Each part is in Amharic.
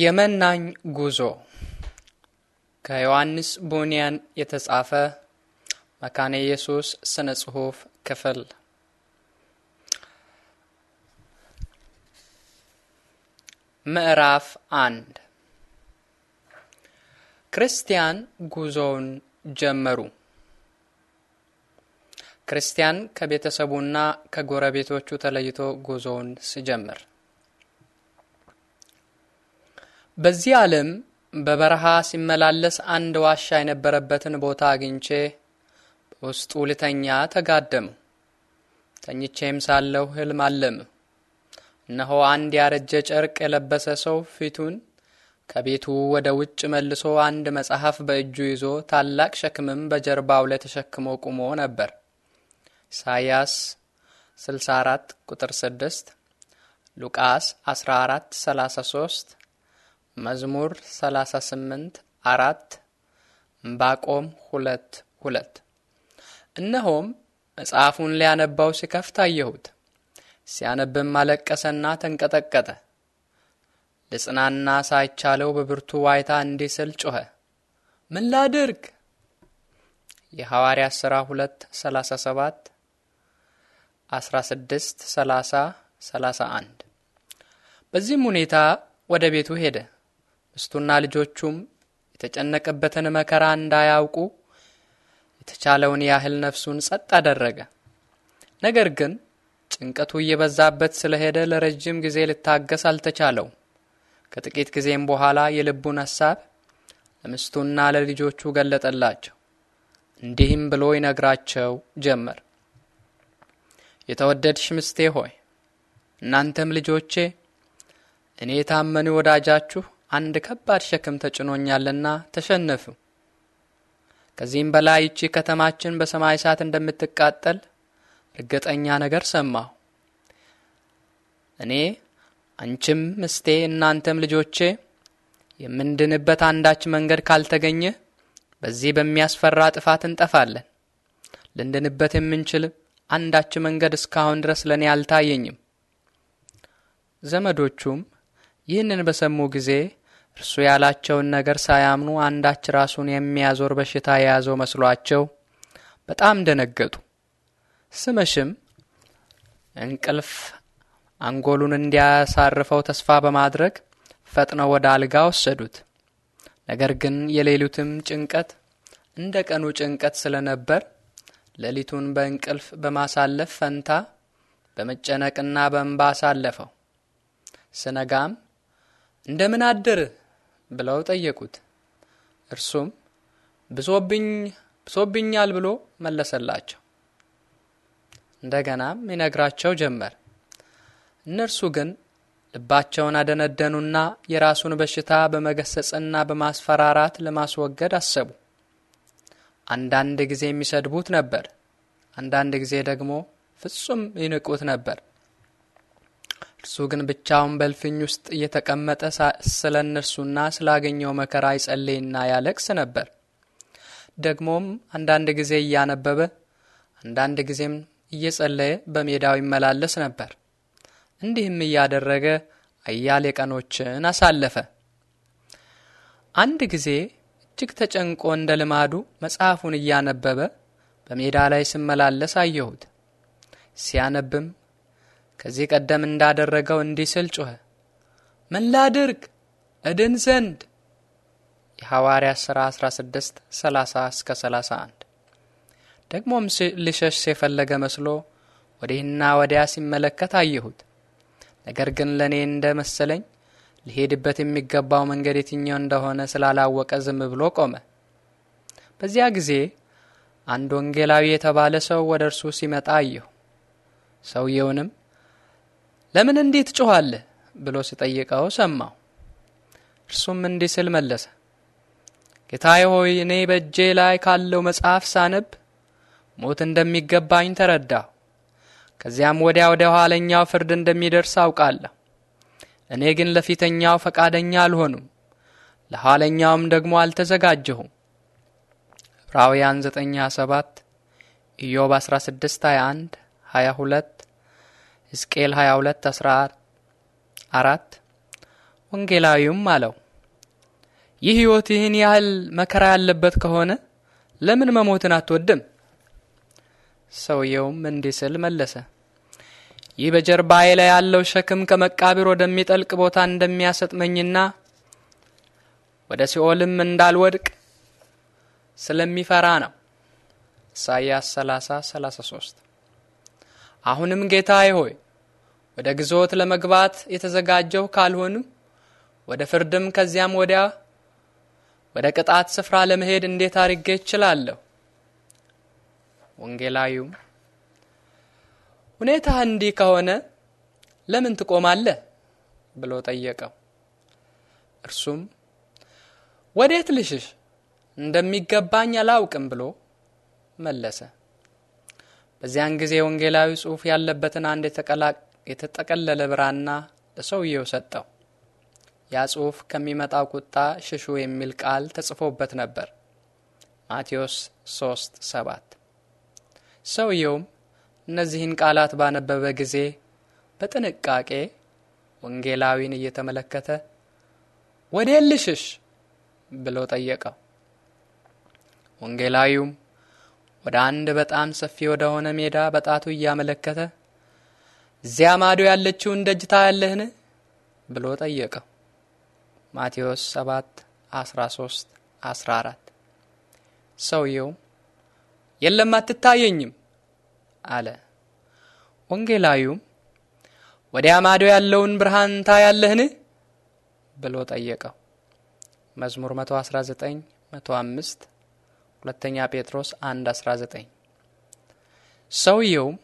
የመናኝ ጉዞ ከዮሐንስ ቡኒያን የተጻፈ መካነ ኢየሱስ ስነ ጽሑፍ ክፍል ምዕራፍ አንድ ክርስቲያን ጉዞውን ጀመሩ። ክርስቲያን ከቤተሰቡና ከጎረቤቶቹ ተለይቶ ጉዞውን ሲጀምር በዚህ ዓለም በበረሃ ሲመላለስ አንድ ዋሻ የነበረበትን ቦታ አግኝቼ በውስጡ ልተኛ ተጋደም ተኝቼም ሳለሁ ህልም አለም። እነሆ አንድ ያረጀ ጨርቅ የለበሰ ሰው ፊቱን ከቤቱ ወደ ውጭ መልሶ አንድ መጽሐፍ በእጁ ይዞ ታላቅ ሸክምም በጀርባው ላይ ተሸክሞ ቆሞ ነበር። ኢሳይያስ 64 ቁጥር 6፣ ሉቃስ 14 33 መዝሙር 38 አራት ዕንባቆም ሁለት ሁለት እነሆም መጽሐፉን ሊያነባው ሲከፍት አየሁት። ሲያነብም አለቀሰና ተንቀጠቀጠ። ልጽናና ሳይቻለው በብርቱ ዋይታ እንዲህ ስል ጮኸ፣ ምን ላድርግ? የሐዋርያ ሥራ 2 37 16 30 31 በዚህም ሁኔታ ወደ ቤቱ ሄደ። ሚስቱና ልጆቹም የተጨነቀበትን መከራ እንዳያውቁ የተቻለውን ያህል ነፍሱን ጸጥ አደረገ። ነገር ግን ጭንቀቱ እየበዛበት ስለሄደ ለረጅም ጊዜ ልታገስ አልተቻለው። ከጥቂት ጊዜም በኋላ የልቡን ሐሳብ ለምስቱና ለልጆቹ ገለጠላቸው። እንዲህም ብሎ ይነግራቸው ጀመር። የተወደድሽ ሚስቴ ሆይ እናንተም ልጆቼ እኔ የታመኑ ወዳጃችሁ አንድ ከባድ ሸክም ተጭኖኛልና ተሸነፉ። ከዚህም በላይ ይቺ ከተማችን በሰማይ እሳት እንደምትቃጠል እርግጠኛ ነገር ሰማሁ። እኔ አንቺም ምስቴ እናንተም ልጆቼ የምንድንበት አንዳች መንገድ ካልተገኘ በዚህ በሚያስፈራ ጥፋት እንጠፋለን። ልንድንበት የምንችል አንዳች መንገድ እስካሁን ድረስ ለእኔ አልታየኝም። ዘመዶቹም ይህንን በሰሙ ጊዜ እርሱ ያላቸውን ነገር ሳያምኑ አንዳች ራሱን የሚያዞር በሽታ የያዘው መስሏቸው በጣም ደነገጡ። ስመሽም እንቅልፍ አንጎሉን እንዲያሳርፈው ተስፋ በማድረግ ፈጥነው ወደ አልጋ ወሰዱት። ነገር ግን የሌሊቱም ጭንቀት እንደ ቀኑ ጭንቀት ስለነበር ሌሊቱን በእንቅልፍ በማሳለፍ ፈንታ በመጨነቅና በእንባ አሳለፈው። ስነጋም እንደምን አደርህ ብለው ጠየቁት። እርሱም ብሶብኝ ብሶብኛል ብሎ መለሰላቸው። እንደገናም ይነግራቸው ጀመር። እነርሱ ግን ልባቸውን አደነደኑና የራሱን በሽታ በመገሰጽና በማስፈራራት ለማስወገድ አሰቡ። አንዳንድ ጊዜ የሚሰድቡት ነበር፣ አንዳንድ ጊዜ ደግሞ ፍጹም ይንቁት ነበር። እርሱ ግን ብቻውን በልፍኝ ውስጥ እየተቀመጠ ስለ እነርሱና ስላገኘው መከራ ይጸልይና ያለቅስ ነበር። ደግሞም አንዳንድ ጊዜ እያነበበ አንዳንድ ጊዜም እየጸለየ በሜዳው ይመላለስ ነበር። እንዲህም እያደረገ አያሌ ቀኖችን አሳለፈ። አንድ ጊዜ እጅግ ተጨንቆ እንደ ልማዱ መጽሐፉን እያነበበ በሜዳ ላይ ስመላለስ አየሁት። ሲያነብም ከዚህ ቀደም እንዳደረገው እንዲህ ስል ጮኸ፣ ምን ላድርግ እድን ዘንድ? የሐዋርያ ሥራ 16 30 እስከ 31። ደግሞም ሊሸሽ የፈለገ መስሎ ወዲህና ወዲያ ሲመለከት አየሁት። ነገር ግን ለእኔ እንደ መሰለኝ ሊሄድበት የሚገባው መንገድ የትኛው እንደሆነ ስላላወቀ ዝም ብሎ ቆመ። በዚያ ጊዜ አንድ ወንጌላዊ የተባለ ሰው ወደ እርሱ ሲመጣ አየሁ። ሰውየውንም ለምን እንዲህ ትጮኻለህ ብሎ ሲጠይቀው ሰማው። እርሱም እንዲህ ስል መለሰ፣ ጌታዬ ሆይ እኔ በእጄ ላይ ካለው መጽሐፍ ሳነብ ሞት እንደሚገባኝ ተረዳሁ። ከዚያም ወዲያ ወደ ኋለኛው ፍርድ እንደሚደርስ አውቃለሁ። እኔ ግን ለፊተኛው ፈቃደኛ አልሆኑም፣ ለኋለኛውም ደግሞ አልተዘጋጀሁም። ዕብራውያን 9 ኢዮብ 16:21 22 ሕዝቅኤል 22 14 ወንጌላዊውም አለው ይህ ሕይወት ይህን ያህል መከራ ያለበት ከሆነ ለምን መሞትን አትወድም? ሰውየውም እንዲህ ስል መለሰ፣ ይህ በጀርባዬ ላይ ያለው ሸክም ከመቃብር ወደሚጠልቅ ቦታ እንደሚያሰጥመኝና ወደ ሲኦልም እንዳልወድቅ ስለሚፈራ ነው። ኢሳይያስ 30 33 አሁንም ጌታዬ ሆይ ወደ ግዞት ለመግባት የተዘጋጀው ካልሆንም ወደ ፍርድም ከዚያም ወዲያ ወደ ቅጣት ስፍራ ለመሄድ እንዴት አድርጌ እችላለሁ? ወንጌላዩም ሁኔታህ እንዲህ ከሆነ ለምን ትቆማለህ ብሎ ጠየቀው። እርሱም ወዴት ልሽሽ እንደሚገባኝ አላውቅም ብሎ መለሰ። በዚያን ጊዜ ወንጌላዊ ጽሑፍ ያለበትን አንድ የተጠቀለለ ብራና ለሰውየው ሰጠው። ያ ጽሑፍ ከሚመጣው ቁጣ ሽሹ የሚል ቃል ተጽፎበት ነበር። ማቴዎስ 3 7 ሰውየውም እነዚህን ቃላት ባነበበ ጊዜ በጥንቃቄ ወንጌላዊን እየተመለከተ ወዴት ልሽሽ ብሎ ጠየቀው። ወንጌላዊውም ወደ አንድ በጣም ሰፊ ወደሆነ ሜዳ በጣቱ እያመለከተ እዚያ ማዶ ያለችውን ደጅ ታያለህን ብሎ ጠየቀው። ማቴዎስ 7 13 14 ሰውየው የለም አትታየኝም አለ። ወንጌላዩም ወዲያ ማዶ ያለውን ብርሃን ታያለህን ብሎ ጠየቀው። መዝሙር 119 105 ሁለተኛ ጴጥሮስ 1 19 ሰውየውም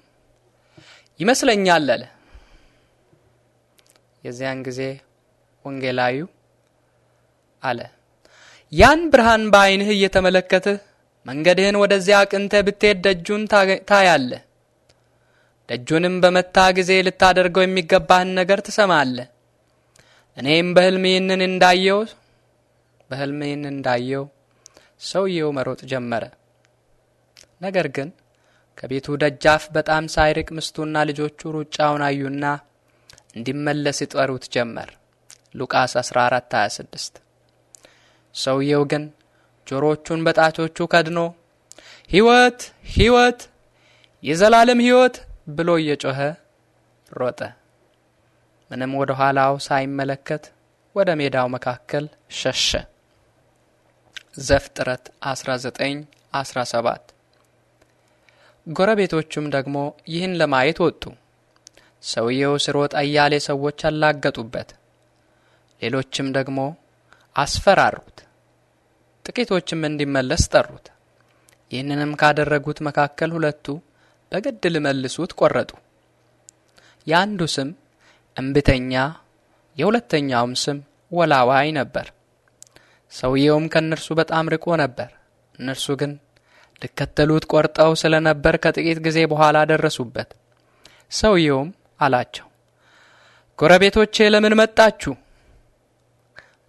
ይመስለኛል አለ። የዚያን ጊዜ ወንጌላዩ አለ ያን ብርሃን በዓይንህ እየተመለከትህ መንገድህን ወደዚያ አቅንተህ ብትሄድ ደጁን ታያለህ። ደጁንም በመታ ጊዜ ልታደርገው የሚገባህን ነገር ትሰማለህ። እኔም በሕልም ይህንን እንዳየው በሕልም ይህንን እንዳየው ሰውየው መሮጥ ጀመረ። ነገር ግን ከቤቱ ደጃፍ በጣም ሳይርቅ ምስቱና ልጆቹ ሩጫውን አዩና እንዲመለስ ይጠሩት ጀመር። ሉቃስ 14:26 ሰውየው ግን ጆሮቹን በጣቶቹ ከድኖ ሕይወት ሕይወት የዘላለም ሕይወት ብሎ እየጮኸ ሮጠ። ምንም ወደ ኋላው ሳይመለከት ወደ ሜዳው መካከል ሸሸ። ዘፍጥረት 19 17 ጎረቤቶቹም ደግሞ ይህን ለማየት ወጡ። ሰውየው ስሮጥ አያሌ ሰዎች አላገጡበት። ሌሎችም ደግሞ አስፈራሩት። ጥቂቶችም እንዲመለስ ጠሩት። ይህንንም ካደረጉት መካከል ሁለቱ በግድ ሊመልሱት ቆረጡ። የአንዱ ስም እምብተኛ፣ የሁለተኛውም ስም ወላዋይ ነበር። ሰውየውም ከእነርሱ በጣም ርቆ ነበር። እነርሱ ግን ልከተሉት ቆርጠው ስለ ነበር ከጥቂት ጊዜ በኋላ ደረሱበት። ሰውየውም አላቸው፣ ጎረቤቶቼ ለምን መጣችሁ?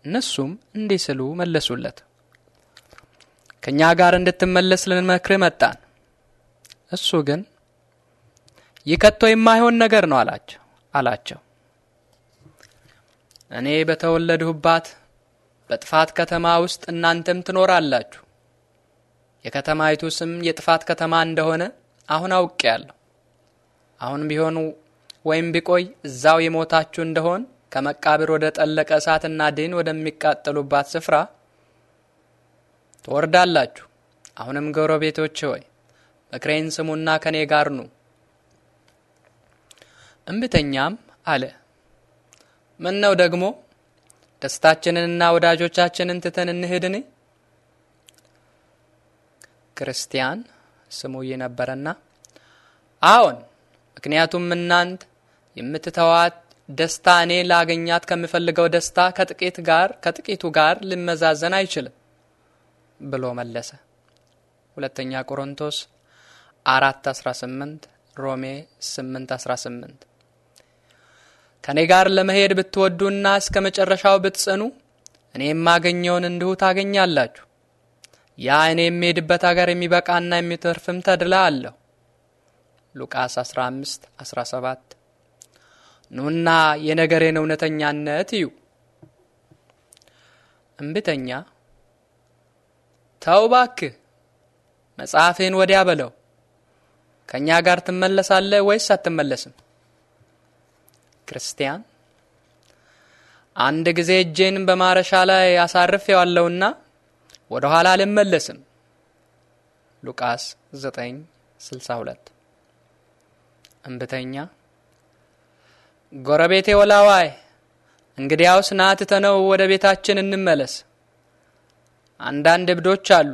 እነሱም እንዲህ ስሉ መለሱለት፣ ከእኛ ጋር እንድትመለስ ልንመክር መጣን። እሱ ግን ይህ ከቶ የማይሆን ነገር ነው አላቸው አላቸው እኔ በተወለድሁባት በጥፋት ከተማ ውስጥ እናንተም ትኖራላችሁ። የከተማይቱ ስም የጥፋት ከተማ እንደሆነ አሁን አውቄያለሁ። አሁን ቢሆኑ ወይም ቢቆይ እዛው የሞታችሁ እንደሆን ከመቃብር ወደ ጠለቀ እሳትና ድን ወደሚቃጠሉባት ስፍራ ትወርዳላችሁ። አሁንም ጎረቤቶች ሆይ ምክሬን ስሙና ከኔ ጋር ኑ። እምብተኛም አለ ምን ነው ደግሞ ደስታችንንና ወዳጆቻችንን ትተን እንሄድን? ክርስቲያን ስሙ ነበረና፣ አዎን፣ ምክንያቱም እናንት የምትተዋት ደስታ እኔ ላገኛት ከምፈልገው ደስታ ከጥቂት ጋር ከጥቂቱ ጋር ልመዛዘን አይችልም ብሎ መለሰ። ሁለተኛ ቆሮንቶስ አራት አስራ ስምንት ሮሜ ስምንት አስራ ስምንት ከእኔ ጋር ለመሄድ ብትወዱና እስከ መጨረሻው ብትጽኑ እኔ የማገኘውን እንዲሁ ታገኛላችሁ። ያ እኔ የምሄድበት አገር የሚበቃና የሚተርፍም ተድላ አለሁ። ሉቃስ 15 17 ኑና የነገሬን እውነተኛነት እዩ። እምብተኛ ተው ባክህ፣ መጽሐፌን ወዲያ በለው። ከእኛ ጋር ትመለሳለህ ወይስ አትመለስም? ክርስቲያን አንድ ጊዜ እጄን በማረሻ ላይ አሳርፌዋለሁና ወደ ኋላ አልመለስም። ሉቃስ 9:62 እምብተኛ ጎረቤቴ ወላዋይ እንግዲያውስ ና ወደ ቤታችን እንመለስ። አንዳንድ እብዶች አሉ።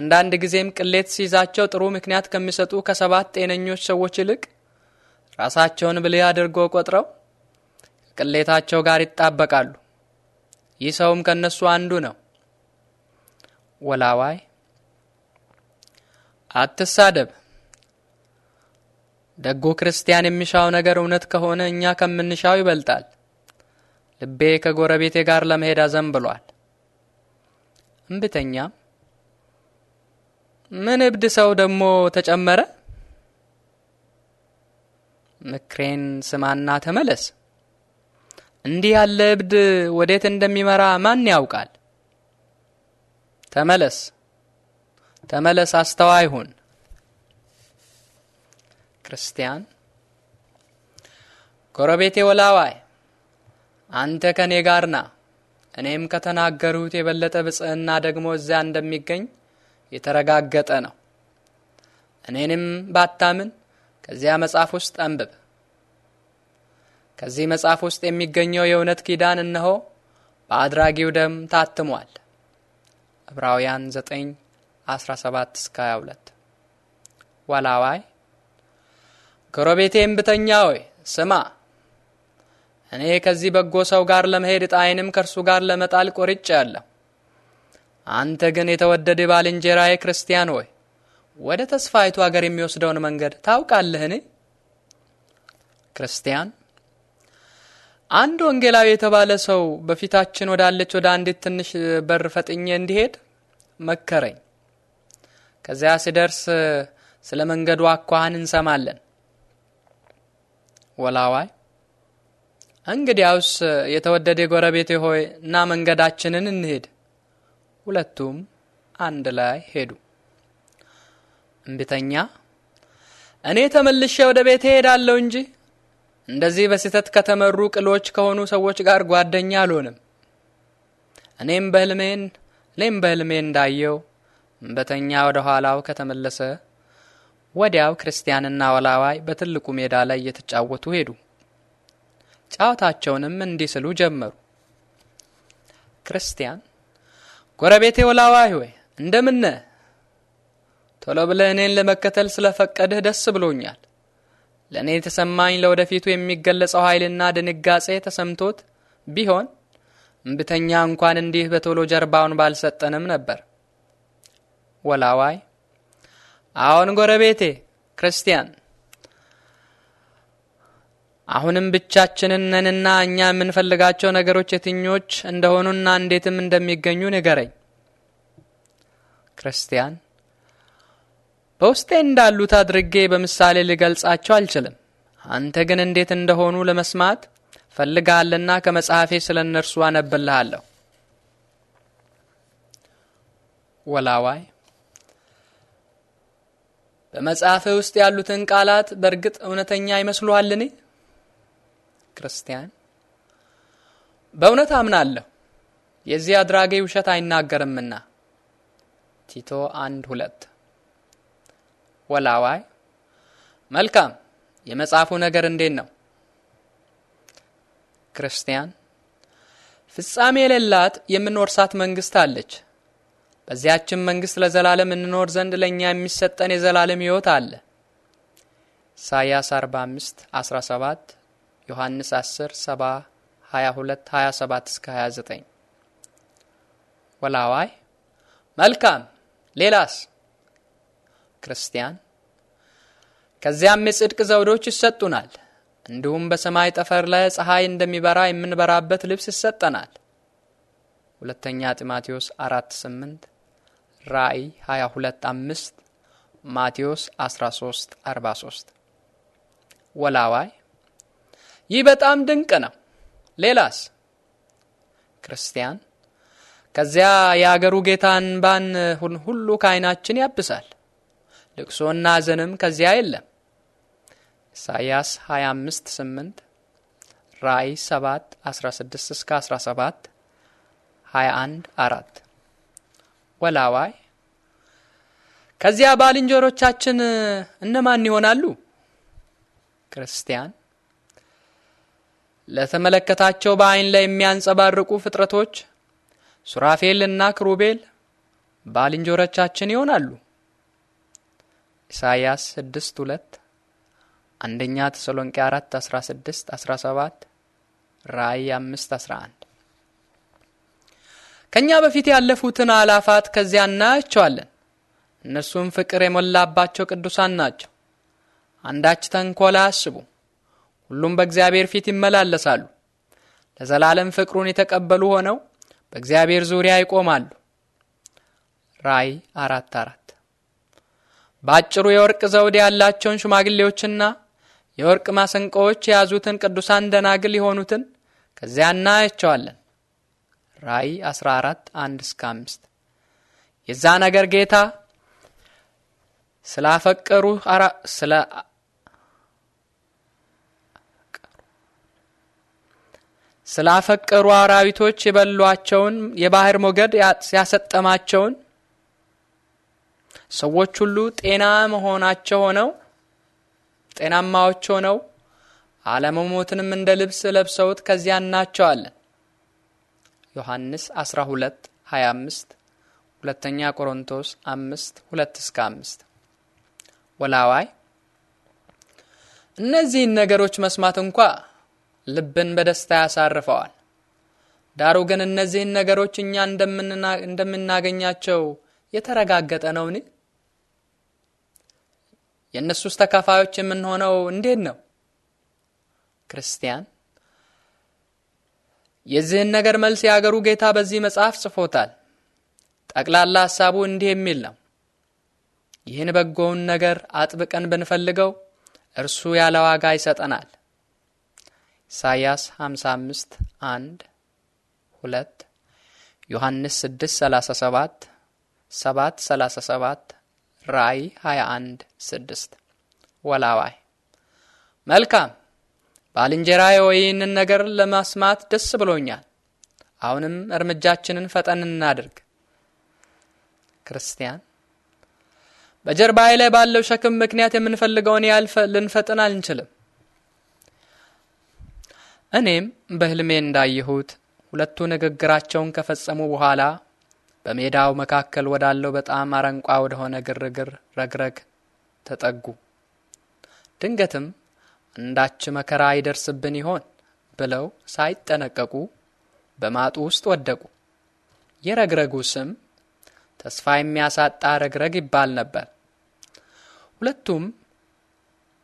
አንዳንድ ጊዜም ቅሌት ሲይዛቸው ጥሩ ምክንያት ከሚሰጡ ከሰባት ጤነኞች ሰዎች ይልቅ ራሳቸውን ብልህ አድርጎ ቆጥረው ከቅሌታቸው ጋር ይጣበቃሉ። ይህ ሰውም ከእነሱ አንዱ ነው። ወላዋይ አትሳደብ። ደጉ ክርስቲያን የሚሻው ነገር እውነት ከሆነ እኛ ከምንሻው ይበልጣል። ልቤ ከጎረቤቴ ጋር ለመሄድ አዘንብሏል። እምብተኛም ምን እብድ ሰው ደግሞ ተጨመረ? ምክሬን ስማና ተመለስ። እንዲህ ያለ እብድ ወዴት እንደሚመራ ማን ያውቃል? ተመለስ ተመለስ፣ አስተዋይ ሁን። ክርስቲያን ጎረቤቴ ወላዋይ አንተ ከኔ ጋር ና፣ እኔም ከተናገሩት የበለጠ ብጽህና ደግሞ እዚያ እንደሚገኝ የተረጋገጠ ነው። እኔንም ባታምን ከዚያ መጽሐፍ ውስጥ አንብብ። ከዚህ መጽሐፍ ውስጥ የሚገኘው የእውነት ኪዳን እነሆ በአድራጊው ደም ታትሟል። ዕብራውያን 9 17 እስከ 22 ዋላዋይ ጎረቤቴም ብተኛ ሆይ ስማ፣ እኔ ከዚህ በጎ ሰው ጋር ለመሄድ ዕጣዬንም ከእርሱ ጋር ለመጣል ያለሁ። አንተ ግን የተወደደ ባልንጀራዬ ክርስቲያን ሆይ ወደ ተስፋይቱ አገር የሚወስደውን መንገድ ታውቃለህን? ክርስቲያን አንድ ወንጌላዊ የተባለ ሰው በፊታችን ወዳለች ወደ አንዲት ትንሽ በር ፈጥኜ እንዲሄድ መከረኝ። ከዚያ ሲደርስ ስለ መንገዱ አኳኋን እንሰማለን። ወላዋይ እንግዲያውስ የተወደደ ጎረቤቴ ሆይ እና መንገዳችንን እንሄድ። ሁለቱም አንድ ላይ ሄዱ። እንድተኛ እኔ ተመልሼ ወደ ቤቴ ሄዳለሁ እንጂ እንደዚህ በስህተት ከተመሩ ቅሎች ከሆኑ ሰዎች ጋር ጓደኛ አልሆንም። እኔም በህልሜን እኔም በህልሜ እንዳየው እምበተኛ ወደ ኋላው ከተመለሰ ወዲያው ክርስቲያንና ወላዋይ በትልቁ ሜዳ ላይ እየተጫወቱ ሄዱ። ጨዋታቸውንም እንዲህ ስሉ ጀመሩ። ክርስቲያን፣ ጎረቤቴ ወላዋይ ሆይ እንደምን ቶሎ ብለህ እኔን ለመከተል ስለፈቀድህ ደስ ብሎኛል። ለእኔ የተሰማኝ ለወደፊቱ የሚገለጸው ኃይልና ድንጋጼ ተሰምቶት ቢሆን እምብተኛ እንኳን እንዲህ በቶሎ ጀርባውን ባልሰጠንም ነበር። ወላዋይ አሁን ጎረቤቴ ክርስቲያን፣ አሁንም ብቻችንን ነንና እኛ የምንፈልጋቸው ነገሮች የትኞች እንደሆኑና እንዴትም እንደሚገኙ ንገረኝ። ክርስቲያን በውስጤ እንዳሉት አድርጌ በምሳሌ ልገልጻቸው አልችልም። አንተ ግን እንዴት እንደሆኑ ለመስማት ፈልጋለና ከመጽሐፌ ስለ እነርሱ አነብልሃለሁ። ወላዋይ በመጽሐፍ ውስጥ ያሉትን ቃላት በእርግጥ እውነተኛ ይመስሉሃልን? ክርስቲያን በእውነት አምናለሁ፣ የዚህ አድራጌ ውሸት አይናገርምና ቲቶ አንድ ሁለት ወላዋይ መልካም፣ የመጽሐፉ ነገር እንዴት ነው? ክርስቲያን ፍጻሜ የሌላት የምንወርሳት መንግስት አለች። በዚያችን መንግስት ለዘላለም እንኖር ዘንድ ለእኛ የሚሰጠን የዘላለም ሕይወት አለ። ኢሳይያስ 45 17 ዮሐንስ 10 7 22 27 እስከ 29 ወላዋይ መልካም ሌላስ ክርስቲያን ከዚያም የጽድቅ ዘውዶች ይሰጡናል። እንዲሁም በሰማይ ጠፈር ላይ ፀሐይ እንደሚበራ የምንበራበት ልብስ ይሰጠናል። ሁለተኛ ጢሞቴዎስ አራት ስምንት ራእይ ሀያ ሁለት አምስት ማቴዎስ አስራ ሶስት አርባ ሶስት ወላዋይ ይህ በጣም ድንቅ ነው። ሌላስ ክርስቲያን ከዚያ የአገሩ ጌታን ባን ሁሉ ከዓይናችን ያብሳል። ልቅሶና ዘንም ከዚያ የለም። ኢሳይያስ 25 8 ራእይ 7 16 እስከ 17 21 4 ወላዋይ ከዚያ ባልንጀሮቻችን እነማን ይሆናሉ? ክርስቲያን ለተመለከታቸው በአይን ላይ የሚያንጸባርቁ ፍጥረቶች ሱራፌልና ክሩቤል ባልንጀሮቻችን ይሆናሉ። ኢሳይያስ 6 2 አንደኛ ተሰሎንቄ 4 16 17 ራእይ 5 11 ከእኛ በፊት ያለፉትን አላፋት ከዚያ እናያቸዋለን። እነርሱም ፍቅር የሞላባቸው ቅዱሳን ናቸው። አንዳች ተንኮል አያስቡ። ሁሉም በእግዚአብሔር ፊት ይመላለሳሉ። ለዘላለም ፍቅሩን የተቀበሉ ሆነው በእግዚአብሔር ዙሪያ ይቆማሉ። ራእይ አራት አራት በአጭሩ የወርቅ ዘውድ ያላቸውን ሽማግሌዎችና የወርቅ ማሰንቆዎች የያዙትን ቅዱሳን ደናግል የሆኑትን ከዚያ እናያቸዋለን። ራእይ 14 1 እስከ 5 የዛ ነገር ጌታ ስላፈቀሩ ስለ ስላፈቀሩ አራዊቶች የበሏቸውን የባህር ሞገድ ያሰጠማቸውን ሰዎች ሁሉ ጤና መሆናቸው ሆነው ጤናማዎች ሆነው አለመሞትንም እንደ ልብስ ለብሰውት ከዚያ እናቸዋለን። ዮሐንስ 12 25 ሁለተኛ ቆሮንቶስ 5 2 እስከ 5 ወላዋይ እነዚህን ነገሮች መስማት እንኳ ልብን በደስታ ያሳርፈዋል። ዳሩ ግን እነዚህን ነገሮች እኛ እንደምናገኛቸው የተረጋገጠ ነውን? የእነሱስ ተካፋዮች የምንሆነው እንዴት ነው? ክርስቲያን የዚህን ነገር መልስ የአገሩ ጌታ በዚህ መጽሐፍ ጽፎታል። ጠቅላላ ሐሳቡ እንዲህ የሚል ነው። ይህን በጎውን ነገር አጥብቀን ብንፈልገው እርሱ ያለ ዋጋ ይሰጠናል። ኢሳይያስ 55 1 2 ዮሐንስ 6 37 7 37 ራይ 21 6 ወላዋይ መልካም ባልንጀራዬ ወይ ይህንን ነገር ለማስማት ደስ ብሎኛል። አሁንም እርምጃችንን ፈጠን እናድርግ። ክርስቲያን በጀርባዬ ላይ ባለው ሸክም ምክንያት የምንፈልገውን ያህል ልንፈጥን አልንችልም። እኔም በህልሜ እንዳየሁት ሁለቱ ንግግራቸውን ከፈጸሙ በኋላ በሜዳው መካከል ወዳለው በጣም አረንቋ ወደሆነ ግርግር ረግረግ ተጠጉ። ድንገትም አንዳች መከራ ይደርስብን ይሆን ብለው ሳይጠነቀቁ በማጡ ውስጥ ወደቁ። የረግረጉ ስም ተስፋ የሚያሳጣ ረግረግ ይባል ነበር። ሁለቱም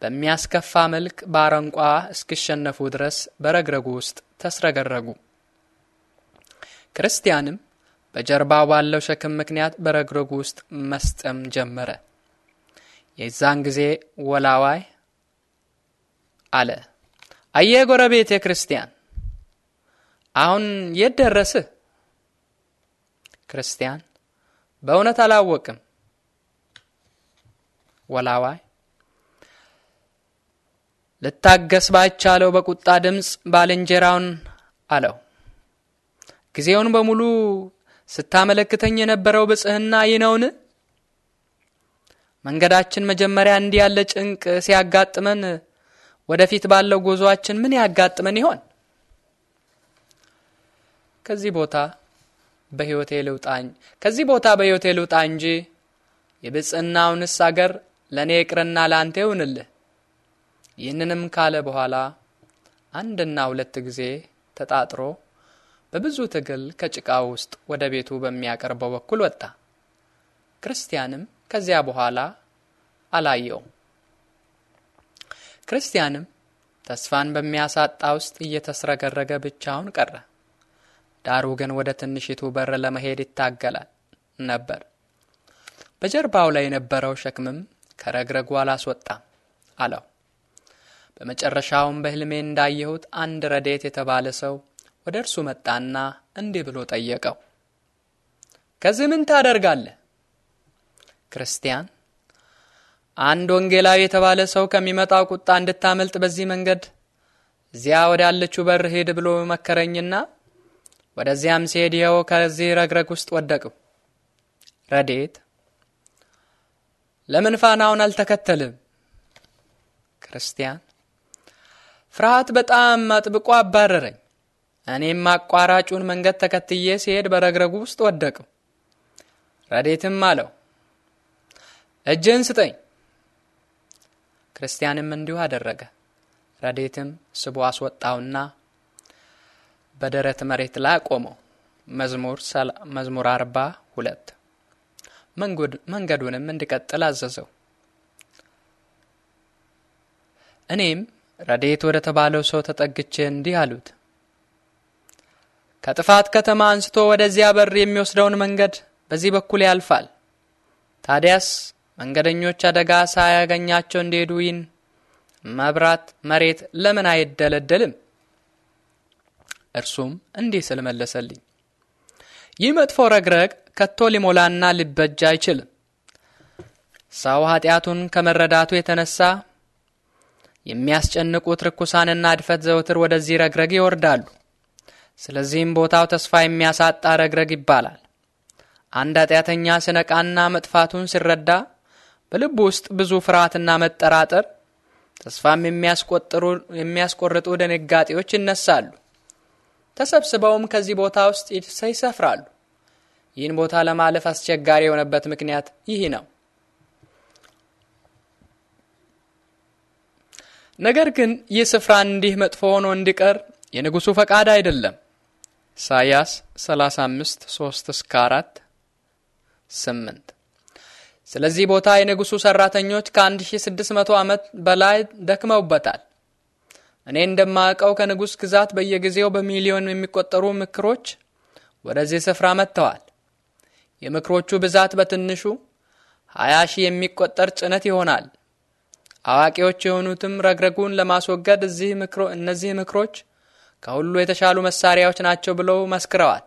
በሚያስከፋ መልክ በአረንቋ እስኪሸነፉ ድረስ በረግረጉ ውስጥ ተስረገረጉ። ክርስቲያንም በጀርባ ባለው ሸክም ምክንያት በረግረጉ ውስጥ መስጠም ጀመረ። የዛን ጊዜ ወላዋይ አለ፣ አየ ጎረቤቴ ክርስቲያን፣ አሁን የት ደረስህ? ክርስቲያን፣ በእውነት አላወቅም። ወላዋይ ልታገስ ባይቻለው በቁጣ ድምፅ ባልንጀራውን አለው፣ ጊዜውን በሙሉ ስታመለክተኝ የነበረው ብጽህና ይህ ነውን? መንገዳችን መጀመሪያ እንዲህ ያለ ጭንቅ ሲያጋጥመን ወደፊት ባለው ጉዞአችን ምን ያጋጥመን ይሆን? ከዚህ ቦታ በሕይወቴ ልውጣኝ ከዚህ ቦታ በሕይወቴ ልውጣ እንጂ የብጽህናውንስ አገር ለእኔ ይቅርና ለአንተ ይሁንልህ። ይህንንም ካለ በኋላ አንድና ሁለት ጊዜ ተጣጥሮ በብዙ ትግል ከጭቃ ውስጥ ወደ ቤቱ በሚያቀርበው በኩል ወጣ። ክርስቲያንም ከዚያ በኋላ አላየውም። ክርስቲያንም ተስፋን በሚያሳጣ ውስጥ እየተስረገረገ ብቻውን ቀረ። ዳሩ ግን ወደ ትንሽቱ በር ለመሄድ ይታገላል ነበር። በጀርባው ላይ የነበረው ሸክምም ከረግረጉ አላስወጣም አለው። በመጨረሻውም በሕልሜ እንዳየሁት አንድ ረዴት የተባለ ሰው ወደ እርሱ መጣና እንዲህ ብሎ ጠየቀው፣ ከዚህ ምን ታደርጋለህ? ክርስቲያን አንድ ወንጌላዊ የተባለ ሰው ከሚመጣው ቁጣ እንድታመልጥ በዚህ መንገድ እዚያ ወዳለችው በር ሄድ ብሎ መከረኝና ወደዚያም ሲሄድ ይኸው ከዚህ ረግረግ ውስጥ ወደቅሁ። ረዴት ለምን ፋናውን አልተከተልም? ክርስቲያን ፍርሃት በጣም አጥብቆ አባረረኝ። እኔም አቋራጩን መንገድ ተከትዬ ሲሄድ በረግረጉ ውስጥ ወደቅሁ። ረዴትም አለው እጅህን ስጠኝ። ክርስቲያንም እንዲሁ አደረገ። ረዴትም ስቦ አስወጣውና በደረት መሬት ላይ አቆመው። መዝሙር መዝሙር አርባ ሁለት መንገዱንም እንዲቀጥል አዘዘው። እኔም ረዴት ወደ ተባለው ሰው ተጠግቼ እንዲህ አሉት ከጥፋት ከተማ አንስቶ ወደዚያ በር የሚወስደውን መንገድ በዚህ በኩል ያልፋል። ታዲያስ መንገደኞች አደጋ ሳያገኛቸው እንዲሄዱ ይህን መብራት መሬት ለምን አይደለደልም? እርሱም እንዲህ ስል መለሰልኝ፣ ይህ መጥፎ ረግረግ ከቶ ሊሞላና ሊበጅ አይችልም። ሰው ኃጢአቱን ከመረዳቱ የተነሳ የሚያስጨንቁት ርኩሳንና እድፈት ዘውትር ወደዚህ ረግረግ ይወርዳሉ። ስለዚህም ቦታው ተስፋ የሚያሳጣ ረግረግ ይባላል። አንድ ኃጢአተኛ ስነቃና መጥፋቱን ሲረዳ በልቡ ውስጥ ብዙ ፍርሃትና መጠራጠር፣ ተስፋም የሚያስቆርጡ ድንጋጤዎች ይነሳሉ። ተሰብስበውም ከዚህ ቦታ ውስጥ ይሰፍራሉ። ይህን ቦታ ለማለፍ አስቸጋሪ የሆነበት ምክንያት ይህ ነው። ነገር ግን ይህ ስፍራ እንዲህ መጥፎ ሆኖ እንዲቀር የንጉሡ ፈቃድ አይደለም። ኢሳይያስ 35 3 እስከ 4 8 ስለዚህ ቦታ የንጉሡ ሠራተኞች ከ1600 ዓመት በላይ ደክመውበታል። እኔ እንደማውቀው ከንጉሥ ግዛት በየጊዜው በሚሊዮን የሚቆጠሩ ምክሮች ወደዚህ ስፍራ መጥተዋል። የምክሮቹ ብዛት በትንሹ 20 ሺህ የሚቆጠር ጭነት ይሆናል። አዋቂዎች የሆኑትም ረግረጉን ለማስወገድ እዚህ ምክሮ እነዚህ ምክሮች ከሁሉ የተሻሉ መሳሪያዎች ናቸው ብለው መስክረዋል።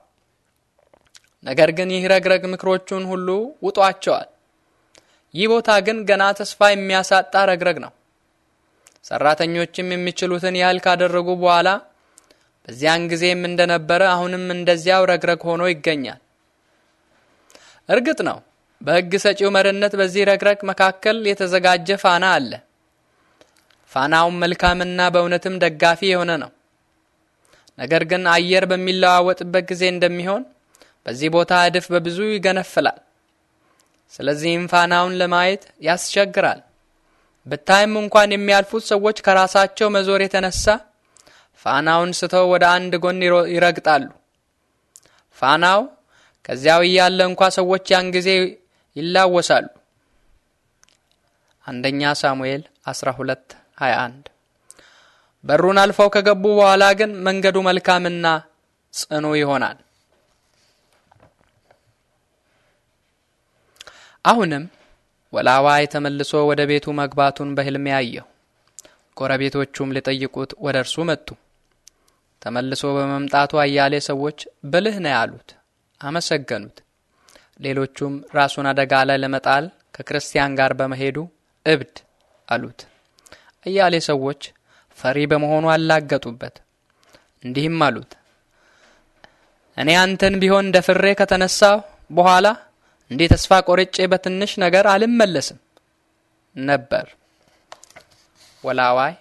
ነገር ግን ይህ ረግረግ ምክሮቹን ሁሉ ውጧቸዋል። ይህ ቦታ ግን ገና ተስፋ የሚያሳጣ ረግረግ ነው። ሰራተኞችም የሚችሉትን ያህል ካደረጉ በኋላ በዚያን ጊዜም እንደነበረ አሁንም እንደዚያው ረግረግ ሆኖ ይገኛል። እርግጥ ነው በሕግ ሰጪው መርነት በዚህ ረግረግ መካከል የተዘጋጀ ፋና አለ። ፋናውም መልካምና በእውነትም ደጋፊ የሆነ ነው። ነገር ግን አየር በሚለዋወጥበት ጊዜ እንደሚሆን በዚህ ቦታ እድፍ በብዙ ይገነፍላል። ስለዚህም ፋናውን ለማየት ያስቸግራል። ብታይም እንኳን የሚያልፉት ሰዎች ከራሳቸው መዞር የተነሳ ፋናውን ስተው ወደ አንድ ጎን ይረግጣሉ። ፋናው ከዚያው እያለ እንኳ ሰዎች ያን ጊዜ ይላወሳሉ። አንደኛ ሳሙኤል 12 21 በሩን አልፈው ከገቡ በኋላ ግን መንገዱ መልካምና ጽኑ ይሆናል። አሁንም ወላዋይ ተመልሶ ወደ ቤቱ መግባቱን በሕልሜ አየሁ። ጎረቤቶቹም ሊጠይቁት ወደ እርሱ መጡ። ተመልሶ በመምጣቱ አያሌ ሰዎች ብልህ ነው ያሉት፣ አመሰገኑት። ሌሎቹም ራሱን አደጋ ላይ ለመጣል ከክርስቲያን ጋር በመሄዱ እብድ አሉት። አያሌ ሰዎች ፈሪ በመሆኑ አላገጡበት። እንዲህም አሉት፣ እኔ አንተን ቢሆን ደፍሬ ከተነሳ በኋላ እንዲህ ተስፋ ቆርጬ በትንሽ ነገር አልመለስም ነበር። ወላዋይ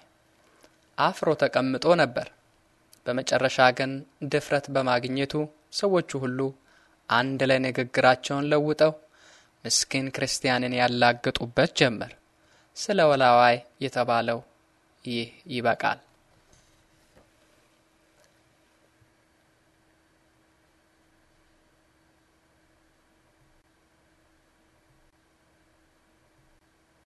አፍሮ ተቀምጦ ነበር። በመጨረሻ ግን ድፍረት በማግኘቱ ሰዎቹ ሁሉ አንድ ላይ ንግግራቸውን ለውጠው ምስኪን ክርስቲያንን ያላገጡበት ጀመር። ስለ ወላዋይ የተባለው 伊伊巴卡。